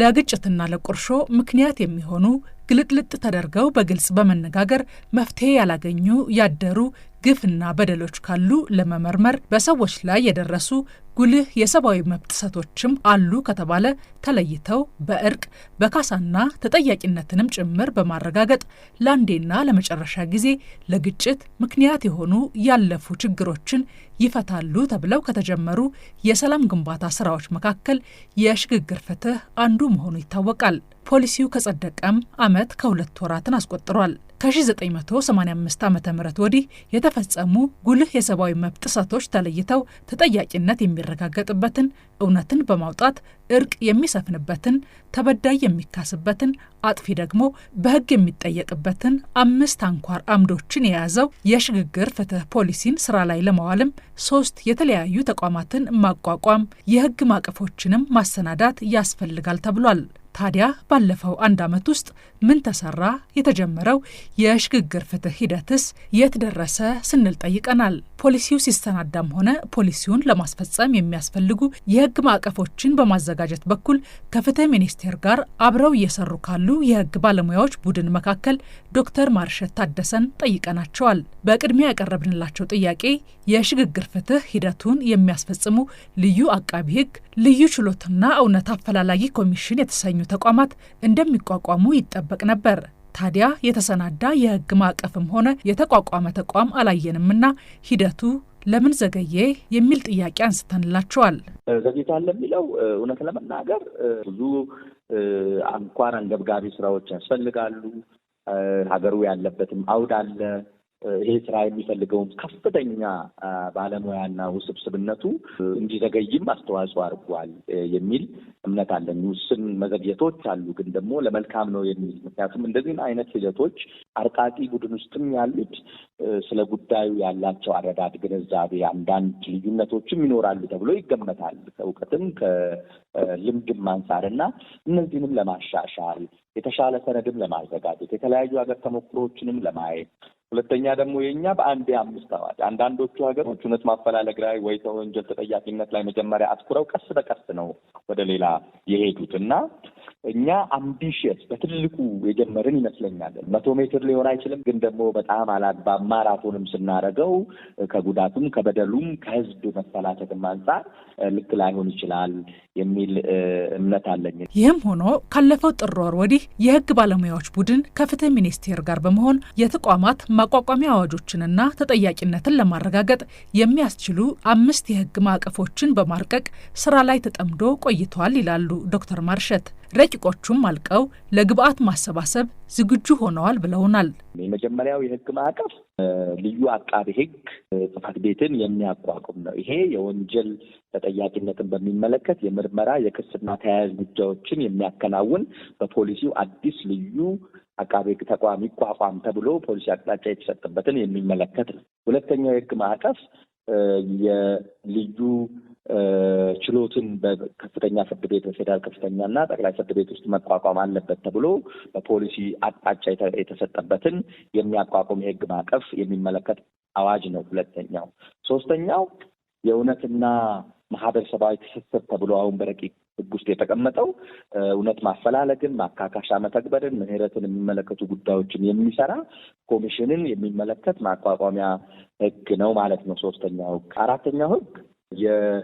ለግጭትና ለቁርሾ ምክንያት የሚሆኑ ግልጥልጥ ተደርገው በግልጽ በመነጋገር መፍትሄ ያላገኙ ያደሩ ግፍና በደሎች ካሉ ለመመርመር በሰዎች ላይ የደረሱ ጉልህ የሰብአዊ መብት ጥሰቶችም አሉ ከተባለ ተለይተው በእርቅ በካሳና ተጠያቂነትንም ጭምር በማረጋገጥ ለአንዴና ለመጨረሻ ጊዜ ለግጭት ምክንያት የሆኑ ያለፉ ችግሮችን ይፈታሉ ተብለው ከተጀመሩ የሰላም ግንባታ ስራዎች መካከል የሽግግር ፍትህ አንዱ መሆኑ ይታወቃል። ፖሊሲው ከጸደቀም ዓመት ከሁለት ወራትን አስቆጥሯል። ከ1985 ዓ ም ወዲህ የተፈጸሙ ጉልህ የሰብአዊ መብት ጥሰቶች ተለይተው ተጠያቂነት የሚረጋገጥበትን፣ እውነትን በማውጣት እርቅ የሚሰፍንበትን፣ ተበዳይ የሚካስበትን፣ አጥፊ ደግሞ በሕግ የሚጠየቅበትን አምስት አንኳር አምዶችን የያዘው የሽግግር ፍትህ ፖሊሲን ስራ ላይ ለማዋልም ሶስት የተለያዩ ተቋማትን ማቋቋም፣ የሕግ ማዕቀፎችንም ማሰናዳት ያስፈልጋል ተብሏል። ታዲያ ባለፈው አንድ ዓመት ውስጥ ምን ተሰራ? የተጀመረው የሽግግር ፍትህ ሂደትስ የት ደረሰ? ስንል ጠይቀናል። ፖሊሲው ሲሰናዳም ሆነ ፖሊሲውን ለማስፈጸም የሚያስፈልጉ የህግ ማዕቀፎችን በማዘጋጀት በኩል ከፍትህ ሚኒስቴር ጋር አብረው እየሰሩ ካሉ የህግ ባለሙያዎች ቡድን መካከል ዶክተር ማርሸት ታደሰን ጠይቀናቸዋል። በቅድሚያ ያቀረብንላቸው ጥያቄ የሽግግር ፍትህ ሂደቱን የሚያስፈጽሙ ልዩ አቃቢ ህግ፣ ልዩ ችሎትና እውነት አፈላላጊ ኮሚሽን የተሰኙ ተቋማት እንደሚቋቋሙ ይጠበቅ ነበር። ታዲያ የተሰናዳ የህግ ማዕቀፍም ሆነ የተቋቋመ ተቋም አላየንምና ሂደቱ ለምን ዘገየ የሚል ጥያቄ አንስተንላቸዋል። ዘግይቷል ለሚለው እውነት ለመናገር ብዙ አንኳር አንገብጋቢ ስራዎች ያስፈልጋሉ። ሀገሩ ያለበትም አውድ አለ። ይሄ ስራ የሚፈልገውን ከፍተኛ ባለሙያና ውስብስብነቱ እንዲዘገይም አስተዋጽኦ አድርጓል የሚል እምነት አለን። ውስን መዘግየቶች አሉ፣ ግን ደግሞ ለመልካም ነው የሚል ምክንያቱም እንደዚህ አይነት ሂደቶች አርቃቂ ቡድን ውስጥም ያሉት ስለ ጉዳዩ ያላቸው አረዳድ፣ ግንዛቤ አንዳንድ ልዩነቶችም ይኖራሉ ተብሎ ይገመታል ከእውቀትም ከልምድም አንጻር እና እነዚህንም ለማሻሻል የተሻለ ሰነድም ለማዘጋጀት የተለያዩ ሀገር ተሞክሮዎችንም ለማየት ሁለተኛ ደግሞ የኛ በአንድ አምስት አዋጅ አንዳንዶቹ ሀገሮች እውነት ማፈላለግ ላይ ወይ ወንጀል ተጠያቂነት ላይ መጀመሪያ አትኩረው ቀስ በቀስ ነው ወደ ሌላ የሄዱት እና እኛ አምቢሽየስ በትልቁ የጀመርን ይመስለኛል። መቶ ሜትር ሊሆን አይችልም፣ ግን ደግሞ በጣም አላግባብ ማራቶንም ስናደርገው ከጉዳቱም ከበደሉም ከህዝብ መፈላተትም አንጻር ልክ ላይሆን ይችላል የሚል እምነት አለኝ። ይህም ሆኖ ካለፈው ጥር ወር ወዲህ የህግ ባለሙያዎች ቡድን ከፍትህ ሚኒስቴር ጋር በመሆን የተቋማት ማቋቋሚያ አዋጆችንና ተጠያቂነትን ለማረጋገጥ የሚያስችሉ አምስት የህግ ማዕቀፎችን በማርቀቅ ስራ ላይ ተጠምዶ ቆይተዋል ይላሉ ዶክተር ማርሸት። ረቂቆቹም አልቀው ለግብአት ማሰባሰብ ዝግጁ ሆነዋል ብለውናል። የመጀመሪያው የህግ ማዕቀፍ ልዩ አቃቤ ህግ ጽሕፈት ቤትን የሚያቋቁም ነው። ይሄ የወንጀል ተጠያቂነትን በሚመለከት የምርመራ የክስና ተያያዥ ጉዳዮችን የሚያከናውን በፖሊሲው አዲስ ልዩ አቃቤ ህግ ተቋም ይቋቋም ተብሎ ፖሊሲ አቅጣጫ የተሰጠበትን የሚመለከት ነው። ሁለተኛው የህግ ማዕቀፍ የልዩ ችሎትን በከፍተኛ ፍርድ ቤት በፌዴራል ከፍተኛና ጠቅላይ ፍርድ ቤት ውስጥ መቋቋም አለበት ተብሎ በፖሊሲ አቅጣጫ የተሰጠበትን የሚያቋቁም የህግ ማዕቀፍ የሚመለከት አዋጅ ነው። ሁለተኛው ሶስተኛው የእውነትና ማህበረሰባዊ ትስስር ተብሎ አሁን በረቂቅ ህግ ውስጥ የተቀመጠው እውነት ማፈላለግን፣ ማካካሻ መተግበርን፣ ምህረትን የሚመለከቱ ጉዳዮችን የሚሰራ ኮሚሽንን የሚመለከት ማቋቋሚያ ህግ ነው ማለት ነው። ሶስተኛው ህግ አራተኛው ህግ Yeah.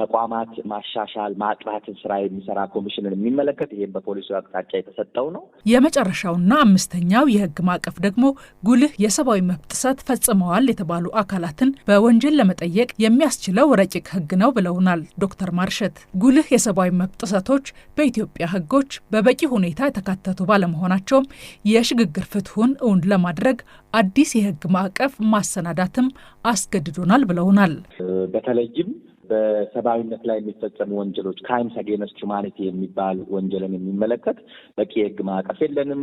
ተቋማት ማሻሻል ማጥራትን ስራ የሚሰራ ኮሚሽንን የሚመለከት ይህም በፖሊሱ አቅጣጫ የተሰጠው ነው። የመጨረሻውና አምስተኛው የህግ ማዕቀፍ ደግሞ ጉልህ የሰብአዊ መብት ጥሰት ፈጽመዋል የተባሉ አካላትን በወንጀል ለመጠየቅ የሚያስችለው ረቂቅ ህግ ነው ብለውናል ዶክተር ማርሸት። ጉልህ የሰብአዊ መብት ጥሰቶች በኢትዮጵያ ህጎች በበቂ ሁኔታ የተካተቱ ባለመሆናቸውም የሽግግር ፍትሁን እውን ለማድረግ አዲስ የህግ ማዕቀፍ ማሰናዳትም አስገድዶናል ብለውናል። በተለይም በሰብአዊነት ላይ የሚፈጸሙ ወንጀሎች ክራይምስ አጌንስት ሁማኒቲ የሚባል ወንጀልን የሚመለከት በቂ የህግ ማዕቀፍ የለንም።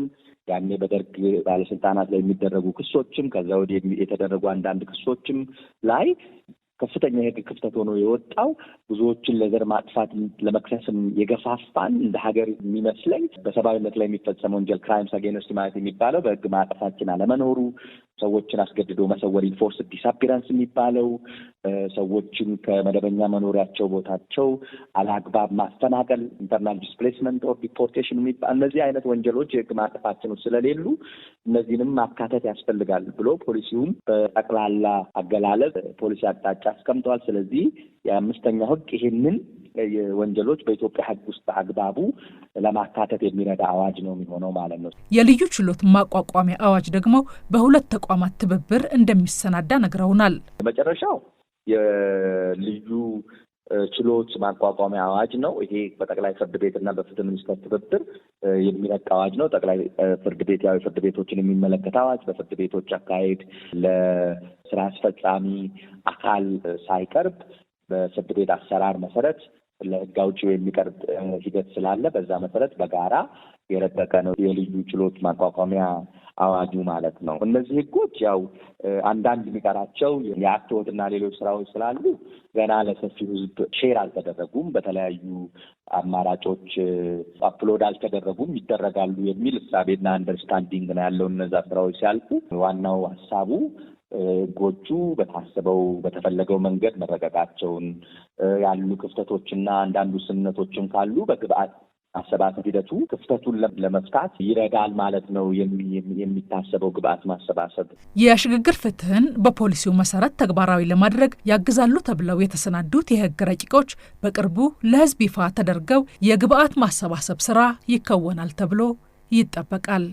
ያኔ በደርግ ባለስልጣናት ላይ የሚደረጉ ክሶችም ከዛ ወዲህ የተደረጉ አንዳንድ ክሶችም ላይ ከፍተኛ የህግ ክፍተት ሆኖ የወጣው ብዙዎችን ለዘር ማጥፋት ለመክሰስም የገፋፋን እንደ ሀገር የሚመስለኝ በሰብአዊነት ላይ የሚፈጸመ ወንጀል ክራይምስ አጌንስት ሁማኒቲ የሚባለው በህግ ማዕቀፋችን አለመኖሩ ሰዎችን አስገድዶ መሰወር ኢንፎርስ ዲስአፒራንስ የሚባለው ሰዎችን ከመደበኛ መኖሪያቸው ቦታቸው አላግባብ ማፈናቀል ኢንተርናል ዲስፕሌስመንት ኦር ዲፖርቴሽን የሚባል እነዚህ አይነት ወንጀሎች የህግ ማዕቀፋችን ውስጥ ስለሌሉ እነዚህንም ማካተት ያስፈልጋል ብሎ ፖሊሲውም በጠቅላላ አገላለጽ ፖሊሲ አቅጣጫ አስቀምጠዋል። ስለዚህ የአምስተኛው ህግ ይሄንን ወንጀሎች በኢትዮጵያ ሕግ ውስጥ አግባቡ ለማካተት የሚረዳ አዋጅ ነው የሚሆነው ማለት ነው። የልዩ ችሎት ማቋቋሚያ አዋጅ ደግሞ በሁለት ተቋማት ትብብር እንደሚሰናዳ ነግረውናል። መጨረሻው የልዩ ችሎት ማቋቋሚያ አዋጅ ነው። ይሄ በጠቅላይ ፍርድ ቤት እና በፍትህ ሚኒስቴር ትብብር የሚለቅ አዋጅ ነው። ጠቅላይ ፍርድ ቤት ያው ፍርድ ቤቶችን የሚመለከት አዋጅ በፍርድ ቤቶች አካሄድ ለስራ አስፈጻሚ አካል ሳይቀርብ በፍርድ ቤት አሰራር መሰረት ለህግ አውጪው የሚቀርብ ሂደት ስላለ በዛ መሰረት በጋራ የረቀቀ ነው የልዩ ችሎት ማቋቋሚያ አዋጁ ማለት ነው። እነዚህ ህጎች ያው አንዳንድ የሚቀራቸው የአክትወትና ሌሎች ስራዎች ስላሉ ገና ለሰፊው ህዝብ ሼር አልተደረጉም፣ በተለያዩ አማራጮች አፕሎድ አልተደረጉም፣ ይደረጋሉ የሚል እሳቤና አንደርስታንዲንግ ነው ያለው። እነዛ ስራዎች ሲያልፉ ዋናው ሀሳቡ ህጎቹ በታሰበው በተፈለገው መንገድ መረጋጋቸውን ያሉ ክፍተቶችና አንዳንዱ ስምነቶችም ካሉ በግብአት ማሰባት ሂደቱ ክፍተቱን ለመፍታት ይረዳል ማለት ነው የሚታሰበው ግብአት ማሰባሰብ። የሽግግር ፍትህን በፖሊሲው መሰረት ተግባራዊ ለማድረግ ያግዛሉ ተብለው የተሰናዱት የህግ ረቂቆች በቅርቡ ለህዝብ ይፋ ተደርገው የግብአት ማሰባሰብ ስራ ይከወናል ተብሎ ይጠበቃል።